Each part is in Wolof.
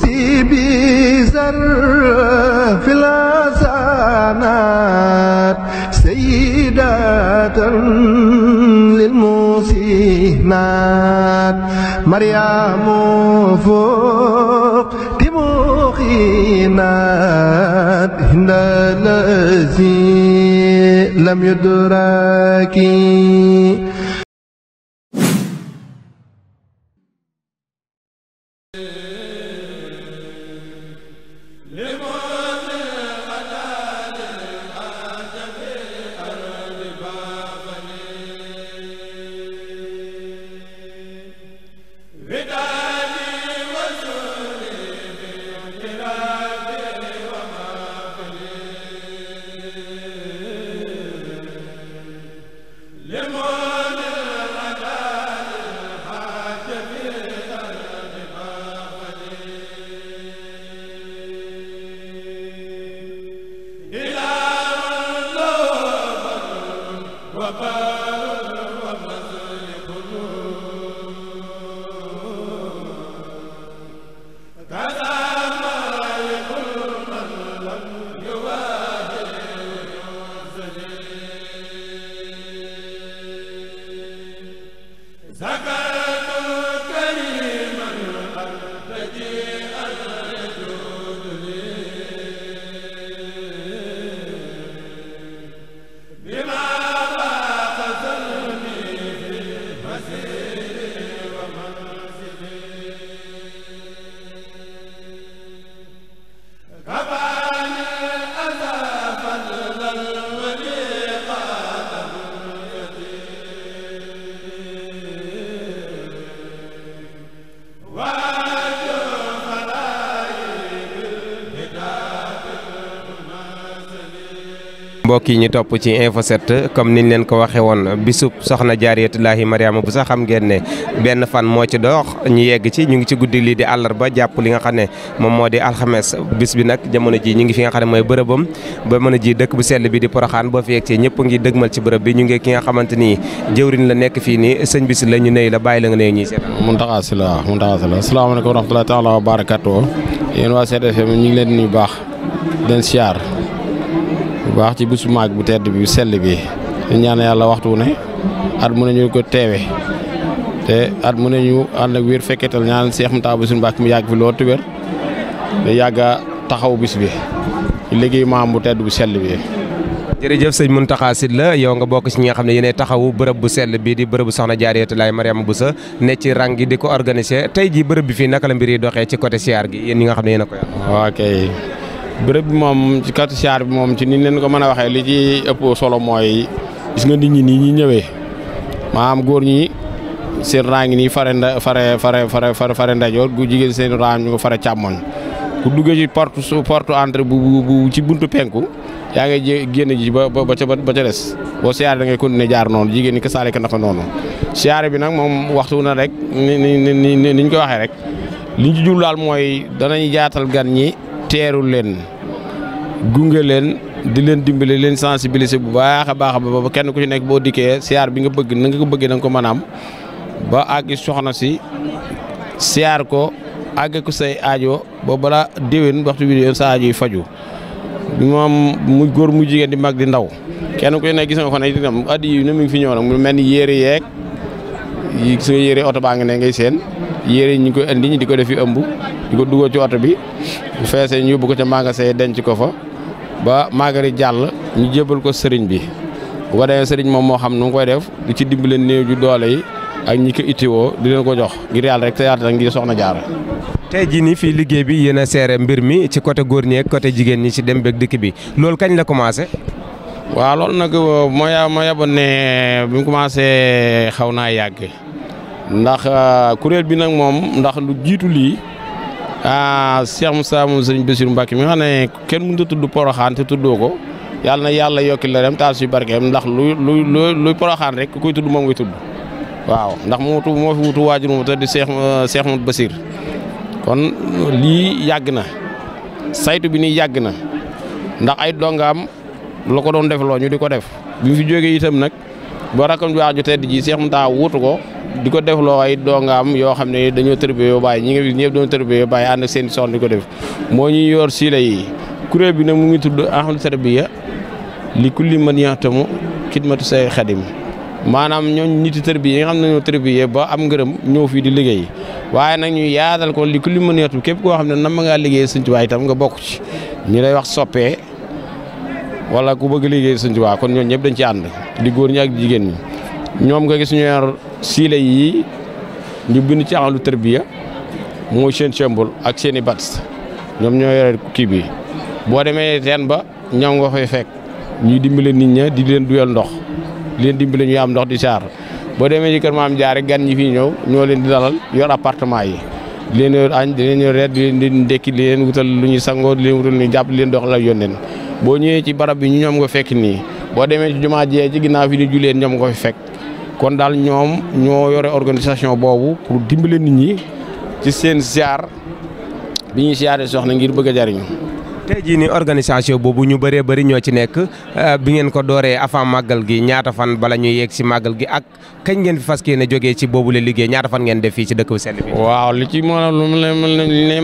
سيبي زر في الأزانات سيدة للمسينات مريم فوق تموخينات هند الذي لم يدركي mbokk yi ñu topp ci info 7 comme niñ leen ko waxee woon bisub soxna jaariyatullaahi mariama bu sax xam ngeen ne benn fan moo ci dox ñu yegg ci ñu ngi ci guddi lii di àllarba jàpp li nga xam ne moom moo di alxames bis bi nag jamono ji ñu ngi fi nga xam ne mooy bërëbam ba mën a ji dëkk bu sell bi di poroxaan boo fi yegg ci ñëpp ngi dëgmal ci bërëb bi ñu ngi ki nga xamante nii jëwriñ la nekk fii nii sëñ bi si la ñu nuyu la bàyyi la nga nuyu ñuy seet muntaxaa si la muntaxaa si la asalaamaaleykum wa rahmatullaahi taala ñu ngi leen di baax den baax ci bisu maag bu tedd bi sell bii ñu ñaan yàlla waxtu ne at mu ne ñu ko teewe te at mu ne ñu ànd ak wér fekketal ñaan Seex mu Muntaxa Basiru Mbàkke mu yàgg fi loolu te wér da yàgga taxaw bis bi liggéey maam bu tedd bu sell bi jërëjëf sëñ Mountakha la yow nga bokk ci ñi nga xam ne yéenay taxawu bërëb bu sell bii di bërëb bu soxna Jaaratu Laay bu sa ne ci rang gi di ko organiser tey jii bërëb bi fi naka la mbir yi doxee ci côté siyaar gi yéen ñi nga xam ne yéen a bërëb bi moom ci katu siyaar bi moom ci ni leen ko mën a waxee li ci ëpp solo mooy gis nga nit ñi nii ñi ñëwee maam góor ñi seen rang ni nii fare nda fare fare fare fare ndajoor gu jigéen seen rang ñu ko fare càmmoñ ku duggee ci porte su porte entrée bu bu ci bunt penku yaa ngay génn ji ba ba ca ba ca des boo siyaare da ngay continuer jaar noonu jigéen ñi ko saale ko noonu. siyaare bi nag moom waxtu na rek ni ni ni ni ñu ko waxee rek liñ ci jublu daal mooy danañ jaatal gan ñi. teeru leen gunge leen di leen dimbale leen sensibiliser bu baax a baax ba kenn ku ci nekk boo dikkee siyaar bi nga bëgg nanga ko bëggee nga ko mën ba àgg soxna si siyaar ko àgg ko say aajo ba balaa déwén waxtu bi sa aajo yi faju moom mu góor mu jigéen di mag di ndaw kenn ku nekk gis nga ko ne itam addi yi na mi fi ñëw nag mu mel ni yére yeeg yi gis nga yére oto baa ngi ne ngay seen yére ñi ngi koy andi ñi di ko def fi ëmb di ko dugal ci oto bi bu feesee ñu yóbbu ko ca magasin denc ko fa ba maagari jàll ñu jébal ko sëriñ bi bu ko defee sëriñ moom moo xam nu mu koy def di ci dimbale néew ju doole yi ak ñi ko ittiwoo di leen ko jox ngir yàlla rek te yaata ngir soxna jaara tey jii nii fii liggéey bi yéen a seere mbir mi ci côté góor ñi ak jigéen ñi ci dem beeg dikk bi loolu kañ la commencé. waaw loolu nag euh, moo ya moo yaboon ne euh, bi mu commencé euh, xaw naa yàgg ndax kuréel jiitu lii. ah Cheikh Moussa moom sëriñ Bassirou Mbacke mi nga xam ne kenn mun a tudd Poroxaan te tuddoo ko yàlla na yàlla yokki la dem taal suy barkeem ndax lu lu lu luy Poroxaan rek ku koy tudd moom ngay tudd waaw ndax moo wutu moo fi wutu waajur mu te di Cheikh seex euh, Mouhamed Bassir kon lii yàgg na saytu bi nii yàgg na ndax ay dongaam lu ko doon defloo ñu di ko def bi mu fi jógee itam nag. boo rakam ju baax ju tedd seex Cheikh Mountakha wutu ko di ko def loo ay dongaam yoo xam ne dañoo tërbee yoo bàyyi ñi nga fi ñëpp dañoo tërbee yoo bàyyi ànd ak seen di ko def moo ñuy yoor siila yi kuréel bi nag mu ngi tudd ahlu tarbiya li kulli man yaxtamu xidmatu say xadim maanaam ñooñu nit yi tërbi xam nañoo ñoo ba am ngërëm ñëw fii di liggéey waaye nag ñu yaatal ko li ku li mën a képp koo xam ne nam ma ngaa liggéey Sëñ Tuubaa itam nga bokk ci ñu lay wax soppee wala ku bëgg liggéey Sëñ Tuubaa kon ñooñu ñëpp dañ ci ànd. di góor ñi ak jigéen ñi ñoom nga gis ñu yor siile yi ñu bind ci amalu tërbiya moo seen symbole ak seeni i ñoom ñoo bi boo demee teen ba ñoom nga fay fekk ñuy dimbale nit ña di leen duyal ndox leen dimbale ñu am ndox di saar boo demee ci kër maam jaare gan ñi fii ñëw ñoo leen di dalal yor appartement yi di leen yor añ di leen yor reer di leen di ndekki di leen wutal lu ñuy sangoo di leen wutal lu jàpp leen dox la yónneen boo ñëwee ci barab bi ñu ñoom nga fekk nii boo demee ci jumaa jee ci ginnaaw fi ñu juleen ñoom nga fi fekk kon daal ñoom ñoo yore organisation boobu pour dimbale nit ñi ci seen ziar bi ñuy ziaree soxna ngir bëgg a jariñu tey jii ni organisation boobu ñu bëree bëri ñoo ci nekk euh, bi ngeen ko dooree avant màggal gi ñaata fan bala ñu yegg si màggal gi ak kañ ngeen fi fas yéene jógee ci boobu la liggéey ñaata fan ngeen def ci dëkk bu sell bi. waaw li ci mën a lu ne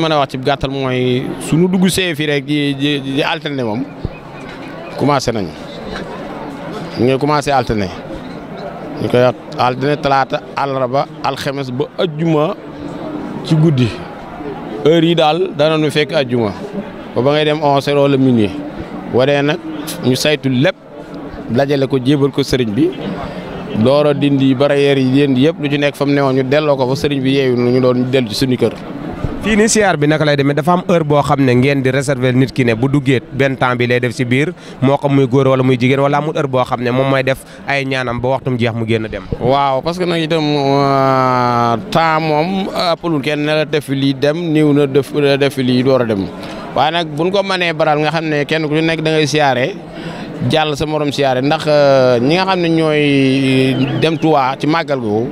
mën a wax ci gàttal mooy suñu dugg see fii rek ji ji moom commencé nañu. ñu ngi commencé alterné ñu koy wax talaata àllarba alxemes ba ajjuma ci guddi heure yi daal danañu fekk ajjuma ba ba ngay dem onze heures wala minuit waree nag ñu saytu lépp dajale ko jébal ko sëriñ bi door a dindi barrière yi yéen yëpp lu ci nekk fa mu newoon ñu delloo ko fa sëriñ bi yeewu ñu doon dellu ci suñu kër. fii nii siyaar bi naka lay demee dafa am heure boo xam ne ngeen di réserver nit ki ne bu duggee benn temps bi lay def si biir moo xam muy góor wala muy jigéen wala amul heure boo xam ne moom mooy def ay ñaanam ba waxtum jeex mu génn dem. waaw parce que nag itam euh, moom ëppalul kenn def lii dem néew na def lii door a dem waaye nag buñ ko mënee baral nga xam ne kenn ku nekk dangay ngay siyaare. jàll sa morom siyaare ndax euh, ñi nga xam ne ñooy dem Tuubaa ci màggal googu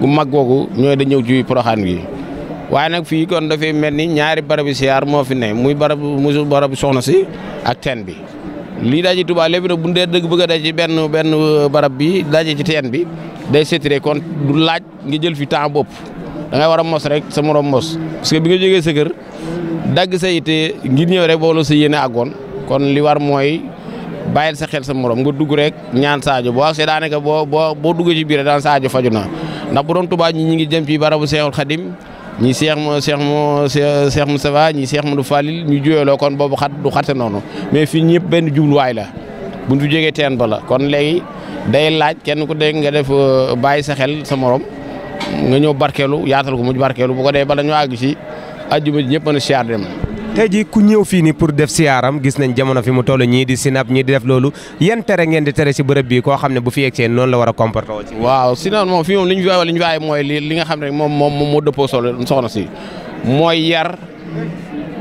gu mag googu ñooy da ñëw ci poroxaan gi waaye nag fii kon dafay mel ni ñaari barabu siyaar moo fi ne muy barabu bu barabu soxna si ak teen bi. lii daje Touba léegi nag bu ñu dee dëgg bëgg a daje ci benn benn uh, barab bi daje ci teen bi day sétiré kon du laaj nga jël fi temps bopp da ngay war mos rek sa morom mos parce que bi nga jógee sa kër dagg sa yite ngir ñëw rek boolu sa yéene àggoon kon li war mooy bàyyil sa xel sa morom nga dugg rek ñaan Sadio boo waxee daanaka boo boo boo duggee ci biir daan Sadio faju na ndax ñi Cheikh mu Cheikh mu Cheikh Moustapha ñi Cheikh du Fallil ñu juyaloo kon boobu xat du sa noonu mais fii ñëpp benn jubluwaay la bu ñu fi jógee teen ba la kon léegi day laaj kenn ku dégg nga def euh, bàyyi sa xel sa morom nga ñëw barkeelu yaatal ko mu barkeelu bu ko dee bala ñu àgg si àjjuma ji ñëpp mën a siyaar dem. tey jii ku ñëw fii nii pour def siyaaram gis nañ jamono fi mu toll ñii di sinap ñii di def loolu yan tere ngeen di tere si bërëb bi koo xam ne bu fi yegsee noonu la war a comporter waaw sinon moom fii moom li ñu fi waaye li ñu fi waaye mooy li li nga xam ne moom moom moo dëppoo solo soxna si mooy yar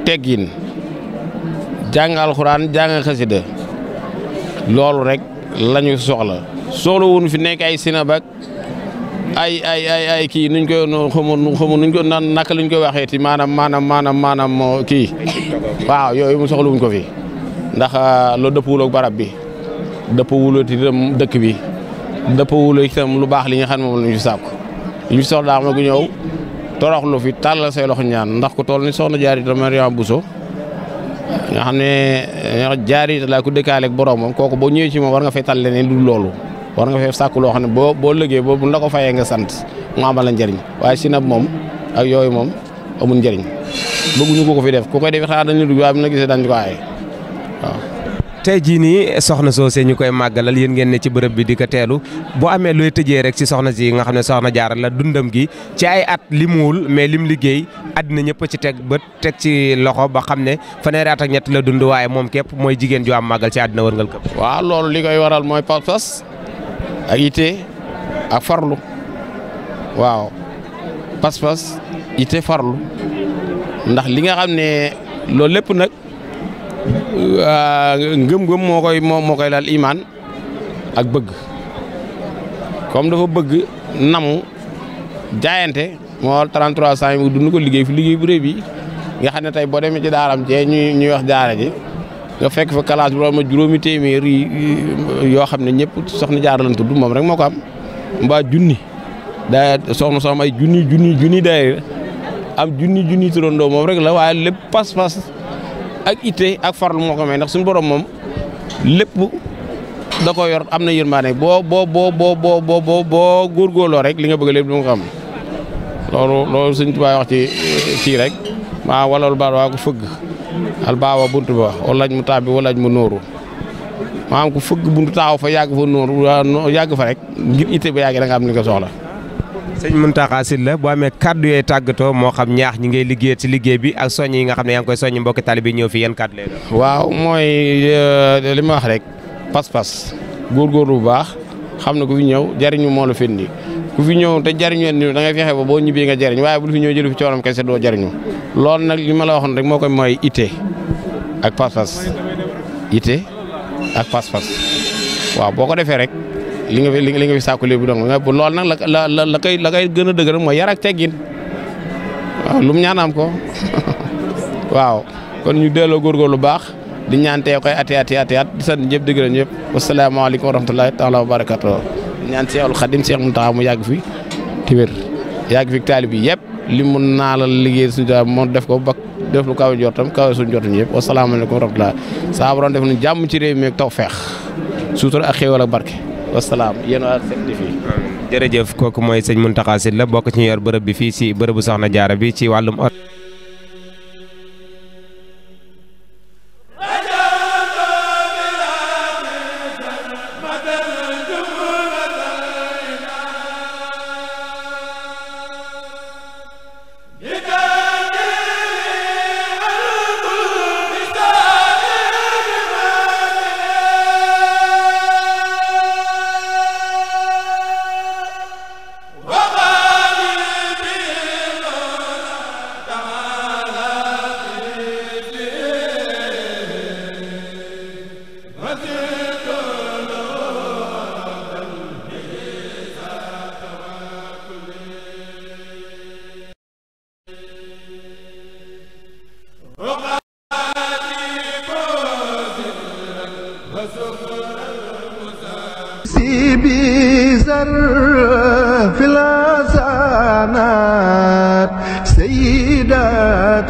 teggin jàng alxuraan jàng xasida loolu rek lañuy soxla soxla wuñu fi nekk ay sinap ay ay ay ay kii nuñ koy xamul xamul nuñ ko naan naka lañ koy waxee ti maanaam maanaam maanaam maanaam kii waaw yooyu mu soxlawuñ ko fi ndax loolu ah, dëppwul ak barab bi dëppwul itam dëkk bi dëppwul itam lu baax li nga xam ne moom la ñu fi sàkku li ñu fi soxla gu ñëw toroxlu fi tàllal say loxo ñaan ndax ku tool ni soxna jaari dama Mariama Bousso nga xam ne eh, jaari laa ko dëkkaaleeg boroomam kooku boo ñëwee ci moom war nga fay tal leneen du loolu war nga fee sàkk loo xam ne boo nga sant mu amal la njëriñ waaye sinab moom ak yooyu moom amul njëriñ bëgguñu ko ko fi def ku koy defee xanaa dañu dugg waaye bu na gisee dañ ko aaye jii nii soxna soosee ñu koy màggalal yéen ngeen ne ci bërëb bi di ko teelu boo amee looy tëjee rek si soxna si nga xam ne soxna jaara la dundam gi ci ay at limuwul mais lim liggéey àddina ñëpp ci teg bët teg ci loxo ba xam ne fanweeri at ak ñett la dund waaye moom képp mooy jigéen ju am màggal ci àddina wërngal këpp. waaw loolu li koy waral mooy pas-pas ak yitte ak farlu waaw pas-pas yitte farlu ndax li nga xam ne loolu lépp nag ah, ngëm-ngëm moo koy moo koy laal imaan ak bëgg comme dafa bëgg namu jaayante moo 33 cent yi dund ko liggéey fi liggéey bu rëy bi nga xam ne tey boo demee ci daaram cee ñu ñuy wax jaara ji nga fekk fa kalaas bu ma juróomi téeméer yi yoo xam ne ñëpp soxna jaarla lañ moom rek moo ko am mbaa junni daa soxna soxna ay junni junni junni daayira am junni junni turandoo moom rek la waaye lépp pas-pas ak itte ak farlu moo ko may ndax suñu borom moom lépp da ko yor am na yërmaane boo boo boo boo boo boo boo góorgóorloo rek li nga bëgg lépp du nga xam loolu loolu Sëñ Tuubaa wax ci kii rek maa walal baal waa ko fëgg albaawa bunt ba walaaj mu taabi walaaj mu nooru maanaam ku fëgg buntu taaw fa yàgg fa nooru yàgg fa rek ngir itte ba yàgg da nga am li nga soxla. sëñ Mountakha Sylla boo amee kàddu yooyu tàggatoo moo xam ñaax ñi ngay liggéey ci liggéey bi ak soññ yi nga xam ne yaa ngi koy soññ mbokki taalibe yi ñëw fi yan kàddu lay doon. waaw mooy euh, li ma wax rek pas-pas góorgóorlu bu baax xam ne ku fi ñëw jariñu moo la fendi ku fi ñëw te jariñu ni ba boo ñibbee nga jariñ waaye bu fi ñëw jëlu fi coonam kese doo jariñu loolu nag li ma la waxoon rek moo koy mooy ite ak pas-pas ite ak pas-pas waaw boo ko defee rek li nga fi li nga bu sàkku léegi dong loolu nag la la la koy la koy gën a dëgëral mooy yar ak teggin waaw lu mu ko waaw kon ñu delloo lu baax di ñaan tee koy ati ati ati at di sant ñëpp dëgg la ñëpp wasalaamaaleykum wa rahmatulahi taala wa barakatuh ñaan Seexul Xadim Seex Muntaxa mu yàgg fi te wér yàgg fi taalib yi yëpp li mu naalal liggéey suñu moo def ko ba def lu kawe njortam kawe suñu njortam yëpp wasalaamaaleykum wa rahmatulah saa borom def nu jàmm ci réew mi ak feex suutura ak xéewal ak barke wasalaam yéen waa set di fii jërëjëf kooku mooy sëñ Muntaxa Sylla la bokk ci yor bërëb bi fii si bërëbu Soxna Jaara bi ci wàllum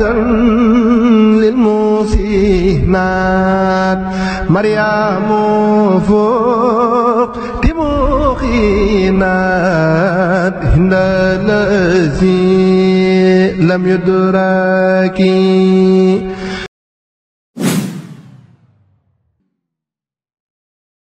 للموسنات مريم فوق تموخينات هند الذي لم يدرك